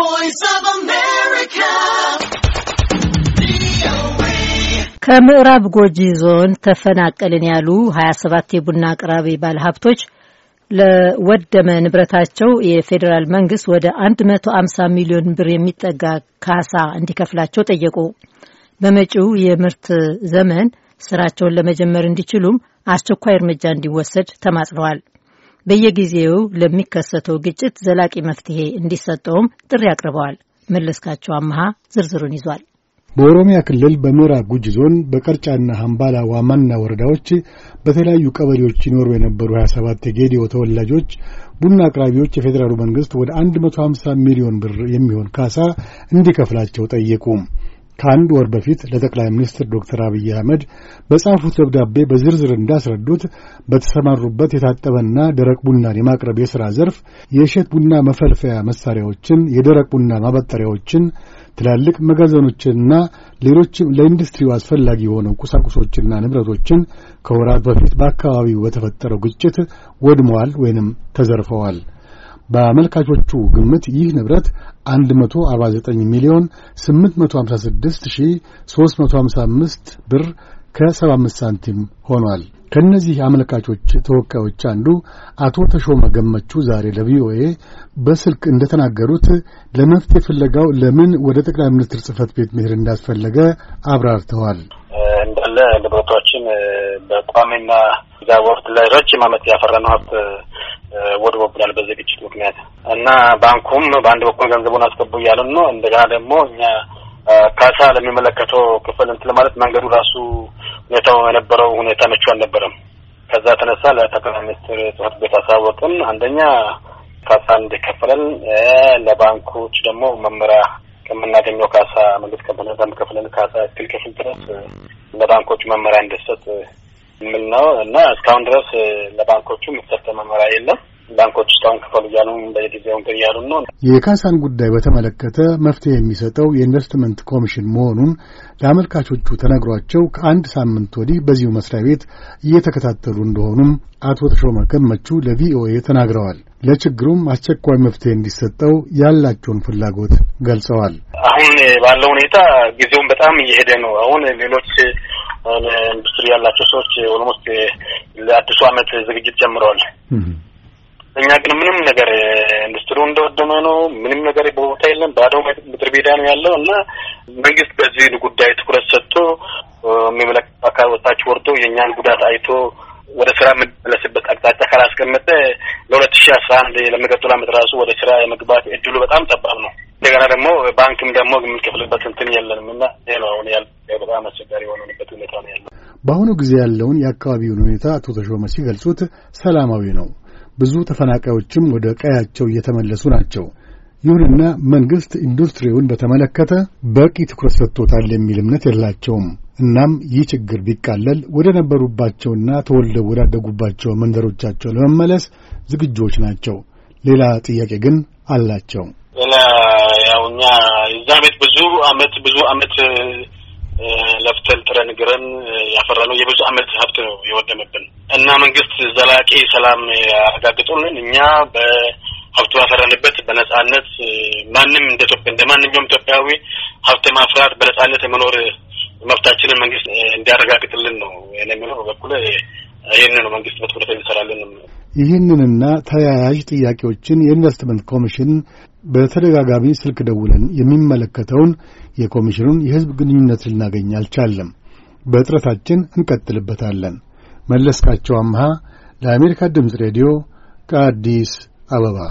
ቮይስ ኦፍ አሜሪካ ከምዕራብ ጎጂ ዞን ተፈናቀልን ያሉ 27 የቡና አቅራቢ ባለሀብቶች ለወደመ ንብረታቸው የፌዴራል መንግስት ወደ 150 ሚሊዮን ብር የሚጠጋ ካሳ እንዲከፍላቸው ጠየቁ። በመጪው የምርት ዘመን ስራቸውን ለመጀመር እንዲችሉም አስቸኳይ እርምጃ እንዲወሰድ ተማጽነዋል። በየጊዜው ለሚከሰተው ግጭት ዘላቂ መፍትሄ እንዲሰጠውም ጥሪ አቅርበዋል። መለስካቸው አመሃ ዝርዝሩን ይዟል። በኦሮሚያ ክልል በምዕራብ ጉጂ ዞን በቀርጫና ሃምባላ ዋማና ወረዳዎች በተለያዩ ቀበሌዎች ይኖሩ የነበሩ 27 የጌዲዮ ተወላጆች ቡና አቅራቢዎች የፌዴራሉ መንግሥት ወደ 150 ሚሊዮን ብር የሚሆን ካሳ እንዲከፍላቸው ጠየቁ። ከአንድ ወር በፊት ለጠቅላይ ሚኒስትር ዶክተር አብይ አህመድ በጻፉት ደብዳቤ በዝርዝር እንዳስረዱት በተሰማሩበት የታጠበና ደረቅ ቡናን የማቅረብ የሥራ ዘርፍ የእሸት ቡና መፈልፈያ መሣሪያዎችን፣ የደረቅ ቡና ማበጠሪያዎችን፣ ትላልቅ መጋዘኖችንና ሌሎችም ለኢንዱስትሪው አስፈላጊ የሆነው ቁሳቁሶችና ንብረቶችን ከወራት በፊት በአካባቢው በተፈጠረው ግጭት ወድመዋል ወይንም ተዘርፈዋል። በአመልካቾቹ ግምት ይህ ንብረት 149 ሚሊዮን 856355 ብር ከ75 ሳንቲም ሆኗል። ከእነዚህ አመልካቾች ተወካዮች አንዱ አቶ ተሾመ ገመቹ ዛሬ ለቪኦኤ በስልክ እንደተናገሩት ለመፍትሄ ፍለጋው ለምን ወደ ጠቅላይ ሚኒስትር ጽህፈት ቤት መሄድ እንዳስፈለገ አብራርተዋል። እንዳለ ንብረቶችን በቋሚና ዛ ወቅት ላይ ረጅም ዓመት ያፈራነው ሀብት ወድቦብናል በዚህ ግጭት ምክንያት እና ባንኩም በአንድ በኩል ገንዘቡን አስገቡ እያለን ነው። እንደገና ደግሞ እኛ ካሳ ለሚመለከተው ክፍል እንትን ማለት መንገዱ ራሱ ሁኔታው የነበረው ሁኔታ መቹ አልነበረም። ከዛ ተነሳ ለጠቅላይ ሚኒስትር ጽሕፈት ቤት አሳወቅን። አንደኛ ካሳ እንዲከፈለን ለባንኮች ደግሞ መመሪያ ከምናገኘው ካሳ መንግስት ከበነዛም ከፍለን ካሳ እክል ክፍል ድረስ ለባንኮቹ መመሪያ እንደሰጥ የምል ነው እና እስካሁን ድረስ ለባንኮቹ የሚሰጠ መመሪያ የለም። ባንኮች እስካሁን ክፈሉ እያሉ በየጊዜው እንትን እያሉ ነው። የካሳን ጉዳይ በተመለከተ መፍትሄ የሚሰጠው የኢንቨስትመንት ኮሚሽን መሆኑን ለአመልካቾቹ ተነግሯቸው ከአንድ ሳምንት ወዲህ በዚሁ መስሪያ ቤት እየተከታተሉ እንደሆኑም አቶ ተሾመ ገመቹ ለቪኦኤ ተናግረዋል። ለችግሩም አስቸኳይ መፍትሄ እንዲሰጠው ያላቸውን ፍላጎት ገልጸዋል። አሁን ባለው ሁኔታ ጊዜውን በጣም እየሄደ ነው። አሁን ሌሎች ኢንዱስትሪ ያላቸው ሰዎች ኦልሞስት ለአዲሱ ዓመት ዝግጅት ጀምረዋል። እኛ ግን ምንም ነገር ኢንዱስትሪው እንደወደመ ነው። ምንም ነገር በቦታ የለም። ባዶ ምድር ቤዳ ነው ያለው እና መንግስት በዚህ ጉዳይ ትኩረት ሰጥቶ የሚመለከቱ አካል ወታች ወርዶ የእኛን ጉዳት አይቶ ወደ ስራ የምንመለስበት አቅጣጫ ካላስቀመጠ ሺህ አስራ አንድ ለሚቀጥሉ አመት ራሱ ወደ ስራ የመግባት እድሉ በጣም ጠባብ ነው። እንደገና ደግሞ ባንክም ደግሞ የምንከፍልበት እንትን የለንም እና ይህ ነው አሁን ያለ በጣም አስቸጋሪ የሆነበት ሁኔታ ነው ያለው። በአሁኑ ጊዜ ያለውን የአካባቢውን ሁኔታ አቶ ተሾመ ሲገልጹት ሰላማዊ ነው። ብዙ ተፈናቃዮችም ወደ ቀያቸው እየተመለሱ ናቸው። ይሁንና መንግስት ኢንዱስትሪውን በተመለከተ በቂ ትኩረት ሰጥቶታል የሚል እምነት የላቸውም። እናም ይህ ችግር ቢቃለል ወደ ነበሩባቸውና ተወልደው ወዳደጉባቸው መንደሮቻቸው ለመመለስ ዝግጆች ናቸው። ሌላ ጥያቄ ግን አላቸው። ሌላ ያው እኛ እዛ ቤት ብዙ አመት ብዙ አመት ለፍተን ጥረን ግረን ያፈራነው የብዙ አመት ሀብት ነው የወደመብን እና መንግስት ዘላቂ ሰላም ያረጋግጡልን እኛ በሀብቱ ባፈራንበት በነጻነት ማንም እንደ ኢትዮጵያ እንደ ማንኛውም ኢትዮጵያዊ ሀብት ማፍራት በነጻነት የመኖር መብታችንን መንግስት እንዲያረጋግጥልን ነው የሚለው በበኩል ይህንን መንግስት በትኩረት እንሰራለን። ይህንንና ተያያዥ ጥያቄዎችን የኢንቨስትመንት ኮሚሽን በተደጋጋሚ ስልክ ደውለን የሚመለከተውን የኮሚሽኑን የህዝብ ግንኙነት ልናገኝ አልቻለም። በጥረታችን እንቀጥልበታለን። መለስካቸው አምሃ ለአሜሪካ ድምፅ ሬዲዮ ከአዲስ አበባ